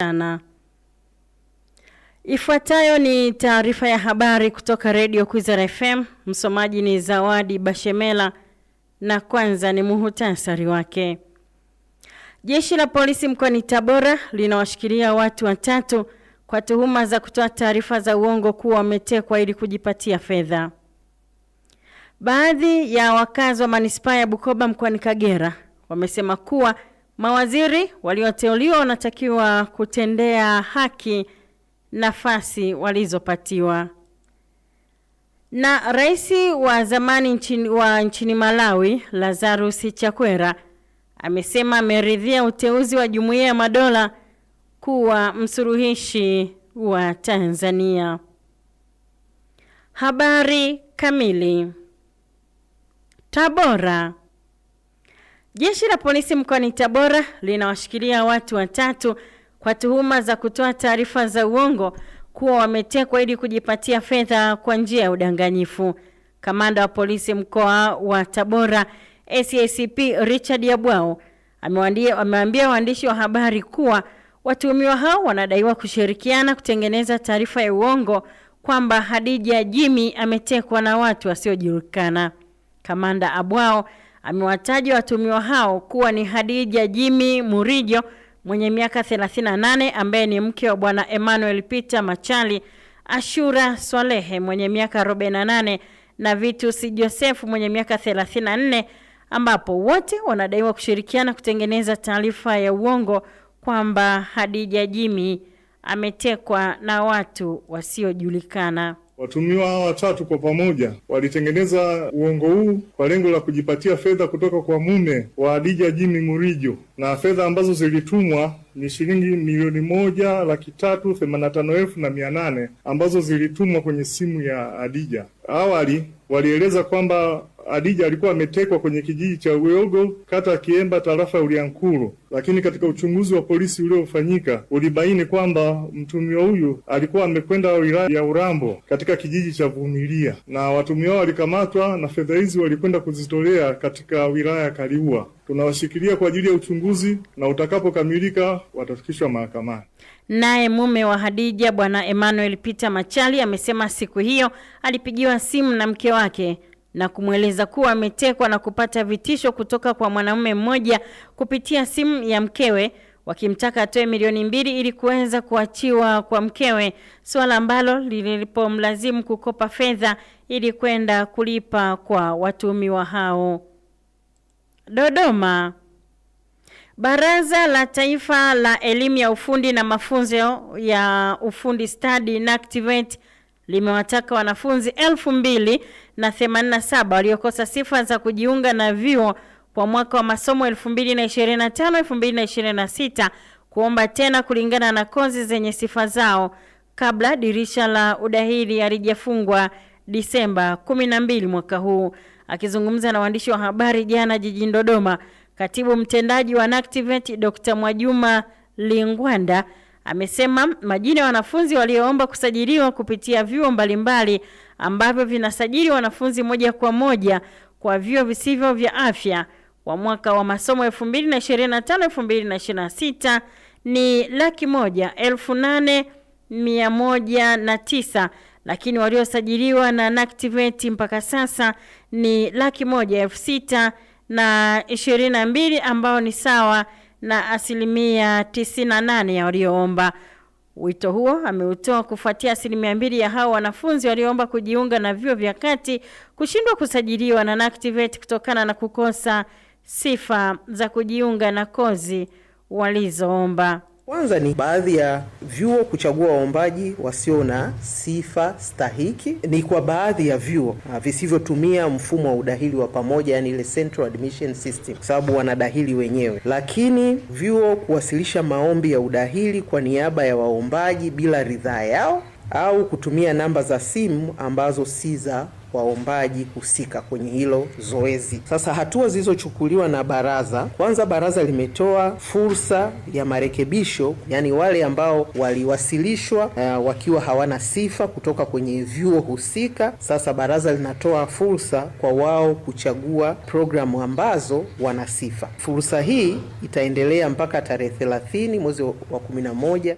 Sana. Ifuatayo ni taarifa ya habari kutoka Radio Kwizera FM. Msomaji ni Zawadi Bashemela na kwanza ni muhutasari wake. Jeshi la polisi mkoani Tabora linawashikilia watu watatu kwa tuhuma za kutoa taarifa za uongo kuwa wametekwa ili kujipatia fedha. Baadhi ya wakazi wa manispaa ya Bukoba mkoani Kagera wamesema kuwa Mawaziri walioteuliwa wanatakiwa kutendea haki nafasi walizopatiwa. Na rais wa zamani nchini, wa nchini Malawi Lazarus Chakwera amesema ameridhia uteuzi wa Jumuiya ya Madola kuwa msuluhishi wa Tanzania. Habari kamili. Tabora Jeshi la polisi mkoani Tabora linawashikilia watu watatu kwa tuhuma za kutoa taarifa za uongo kuwa wametekwa ili kujipatia fedha kwa njia ya udanganyifu. Kamanda wa polisi mkoa wa Tabora SACP Richard Yabwao amewaambia waandishi wa habari kuwa watuhumiwa hao wanadaiwa kushirikiana kutengeneza taarifa ya uongo kwamba Hadija Jimmy ametekwa na watu wasiojulikana. Kamanda Abwao amewataja watumiwa hao kuwa ni Hadija Jimmy Murijo mwenye miaka 38 ambaye ni mke wa bwana Emmanuel Peter Machali, Ashura Swalehe mwenye miaka 48 na Vitus Joseph mwenye miaka 34, ambapo wote wanadaiwa kushirikiana kutengeneza taarifa ya uongo kwamba Hadija Jimmy ametekwa na watu wasiojulikana. Watumiwa hawa watatu kwa pamoja walitengeneza uongo huu kwa lengo la kujipatia fedha kutoka kwa mume wa adija Jimmy Murijo, na fedha ambazo zilitumwa ni shilingi milioni moja laki tatu themanini na tano elfu na mia nane ambazo zilitumwa kwenye simu ya adija Awali walieleza kwamba Adija alikuwa ametekwa kwenye kijiji cha Uyogo, kata Kiemba, tarafa ya Uliankuru, lakini katika uchunguzi wa polisi uliofanyika ulibaini kwamba mtumio huyu alikuwa amekwenda wilaya ya Urambo katika kijiji cha Vumilia, na watumio walikamatwa na fedha hizi walikwenda kuzitolea katika wilaya ya Kaliua. Tunawashikilia kwa ajili ya uchunguzi na utakapokamilika watafikishwa mahakamani. Naye mume wa Hadija, Bwana Emmanuel Peter Machali, amesema siku hiyo alipigiwa simu na mke wake na kumweleza kuwa ametekwa na kupata vitisho kutoka kwa mwanamume mmoja kupitia simu ya mkewe wakimtaka atoe milioni mbili ili kuweza kuachiwa kwa mkewe, suala ambalo lilipomlazimu kukopa fedha ili kwenda kulipa kwa watuhumiwa hao. Dodoma. Baraza la Taifa la Elimu ya Ufundi na Mafunzo ya Ufundi Stadi na Activate limewataka wanafunzi elfu mbili na themanini na saba waliokosa sifa za kujiunga na vyuo kwa mwaka wa masomo na sita kuomba tena kulingana na kozi zenye sifa zao kabla dirisha la udahili halijafungwa Disemba 12 mwaka huu. Akizungumza na waandishi wa habari jana jijini Dodoma, katibu mtendaji wa NACTVET Dr. Mwajuma Lingwanda Amesema majina ya wanafunzi walioomba kusajiliwa kupitia vyuo mbalimbali ambavyo vinasajili wanafunzi moja kwa moja kwa vyuo visivyo vya afya kwa mwaka wa masomo 2025-2026 ni laki moja elfu nane mia moja na tisa lakini waliosajiliwa na NACTVET mpaka sasa ni laki moja elfu sita na ishirini na mbili ambao ni sawa na asilimia 98 ya walioomba. Wito huo ameutoa kufuatia asilimia mbili ya hao wanafunzi walioomba kujiunga na vyuo vya kati kushindwa kusajiliwa na NACTVET kutokana na kukosa sifa za kujiunga na kozi walizoomba. Kwanza ni baadhi ya vyuo kuchagua waombaji wasio na sifa stahiki. Ni kwa baadhi ya vyuo ah, visivyotumia mfumo wa udahili wa pamoja, yani ile Central Admission System, kwa sababu wanadahili wenyewe. Lakini vyuo kuwasilisha maombi ya udahili kwa niaba ya waombaji bila ridhaa yao, au kutumia namba za simu ambazo si za waombaji husika kwenye hilo zoezi. Sasa hatua zilizochukuliwa na baraza, kwanza baraza limetoa fursa ya marekebisho, yani wale ambao waliwasilishwa uh, wakiwa hawana sifa kutoka kwenye vyuo husika. Sasa baraza linatoa fursa kwa wao kuchagua programu ambazo wana sifa. Fursa hii itaendelea mpaka tarehe 30 mwezi wa 11.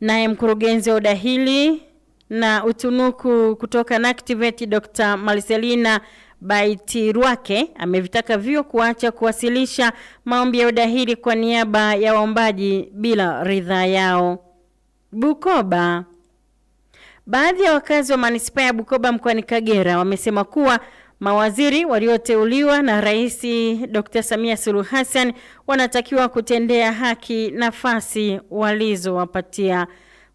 Naye mkurugenzi wa udahili na utunuku kutoka NACTVET Dr. Marcelina Baitirwake amevitaka vyuo kuacha kuwasilisha maombi ya udahili kwa niaba ya waombaji bila ridhaa yao. Bukoba. Baadhi ya wakazi wa manispaa ya Bukoba mkoani Kagera wamesema kuwa mawaziri walioteuliwa na Rais Dr. Samia Suluhu Hassan wanatakiwa kutendea haki nafasi walizowapatia.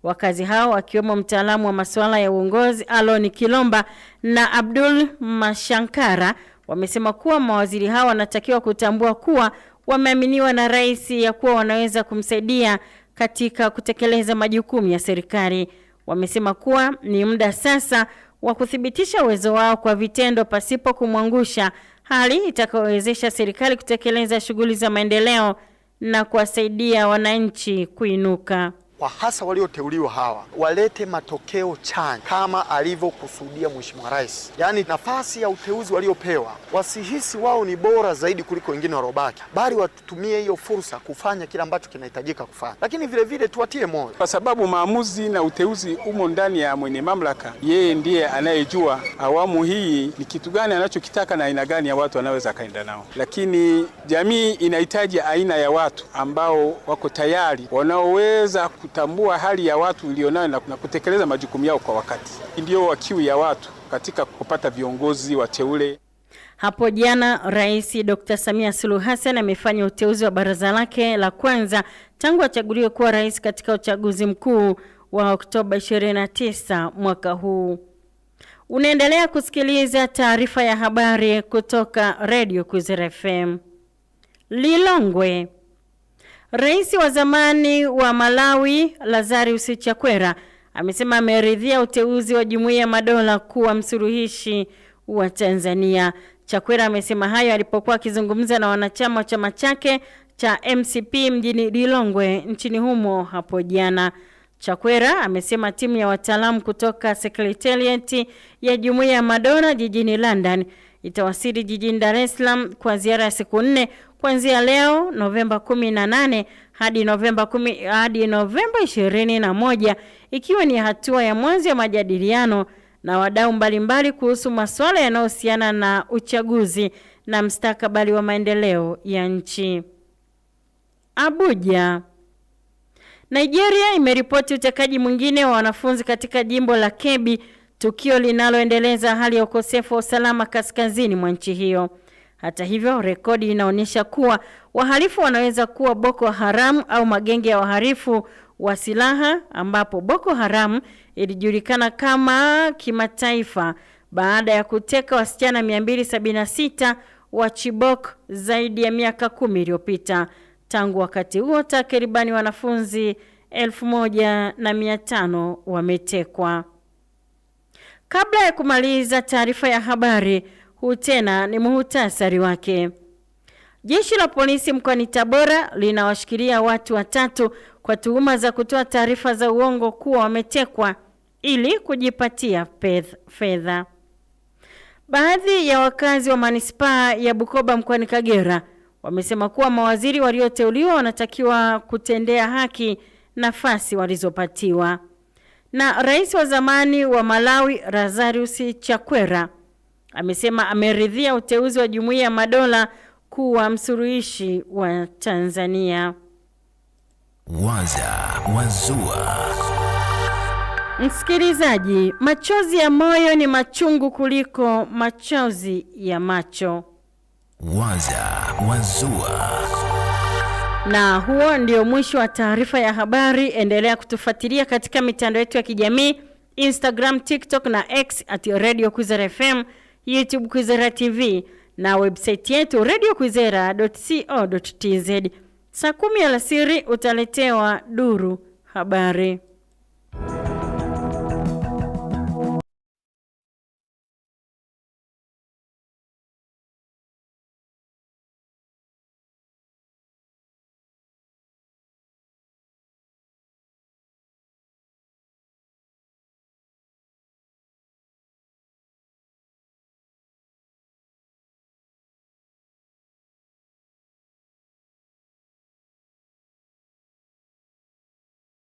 Wakazi hao akiwemo mtaalamu wa masuala ya uongozi Aloni Kilomba na Abdul Mashankara wamesema kuwa mawaziri hao wanatakiwa kutambua kuwa wameaminiwa na rais ya kuwa wanaweza kumsaidia katika kutekeleza majukumu ya serikali. Wamesema kuwa ni muda sasa wa kuthibitisha uwezo wao kwa vitendo pasipo kumwangusha, hali itakayowezesha serikali kutekeleza shughuli za maendeleo na kuwasaidia wananchi kuinuka kwa hasa walioteuliwa hawa walete matokeo chanya kama alivyokusudia Mheshimiwa Rais. Yaani, nafasi ya uteuzi waliopewa wasihisi wao ni bora zaidi kuliko wengine waliobaki, bali watumie hiyo fursa kufanya kile ambacho kinahitajika kufanya, lakini vile vile tuwatie moyo, kwa sababu maamuzi na uteuzi umo ndani ya mwenye mamlaka. Yeye ndiye anayejua awamu hii ni kitu gani anachokitaka na aina gani ya watu anaweza akaenda nao, lakini jamii inahitaji aina ya watu ambao wako tayari, wanaoweza kutambua hali ya watu ilionayo na kutekeleza majukumu yao kwa wakati, ndio wakiu ya watu katika kupata viongozi wateule. Hapo jana Rais Dr. Samia Suluhu Hassan amefanya uteuzi wa baraza lake la kwanza tangu achaguliwe kuwa rais katika uchaguzi mkuu wa Oktoba 29 mwaka huu. Unaendelea kusikiliza taarifa ya habari kutoka Radio Kwizera FM. Lilongwe Rais wa zamani wa Malawi Lazarus Chakwera amesema ameridhia uteuzi wa Jumuiya ya Madola kuwa msuluhishi wa Tanzania. Chakwera amesema hayo alipokuwa akizungumza na wanachama wa chama chake cha MCP mjini Lilongwe nchini humo hapo jana. Chakwera amesema timu ya wataalamu kutoka Secretariat ya Jumuiya ya Madola jijini London itawasili jijini Dar es Salaam kwa ziara ya siku nne kuanzia leo Novemba 18 hadi Novemba 10 hadi Novemba 21 ikiwa ni hatua ya mwanzo ya majadiliano na wadau mbalimbali kuhusu masuala yanayohusiana na uchaguzi na mstakabali wa maendeleo ya nchi. Abuja. Nigeria imeripoti utekaji mwingine wa wanafunzi katika jimbo la Kebbi, tukio linaloendeleza hali ya ukosefu wa usalama kaskazini mwa nchi hiyo. Hata hivyo, rekodi inaonyesha kuwa wahalifu wanaweza kuwa Boko Haram au magenge ya waharifu wa silaha ambapo Boko Haram ilijulikana kama kimataifa baada ya kuteka wasichana 276 wa Chibok zaidi ya miaka kumi iliyopita. Tangu wakati huo takribani wanafunzi tano wametekwa. Kabla ya kumaliza taarifa ya habari huu tena ni muhutasari wake. Jeshi la polisi mkoani Tabora linawashikilia watu watatu kwa tuhuma za kutoa taarifa za uongo kuwa wametekwa ili kujipatia fedha. Baadhi ya wakazi wa manispaa ya Bukoba mkoani Kagera wamesema kuwa mawaziri walioteuliwa wanatakiwa kutendea haki nafasi walizopatiwa. Na rais wa zamani wa Malawi Lazarus Chakwera amesema ameridhia uteuzi wa Jumuiya ya Madola kuwa msuluhishi wa Tanzania. Waza Wazua. Msikilizaji, machozi ya moyo ni machungu kuliko machozi ya macho. Waza Wazua. Na huo ndio mwisho wa taarifa ya habari. Endelea kutufuatilia katika mitandao yetu ya kijamii Instagram, TikTok na X at Radio Kwizera FM. YouTube Kwizera TV na website yetu radiokwizera.co.tz. Saa kumi alasiri utaletewa duru habari.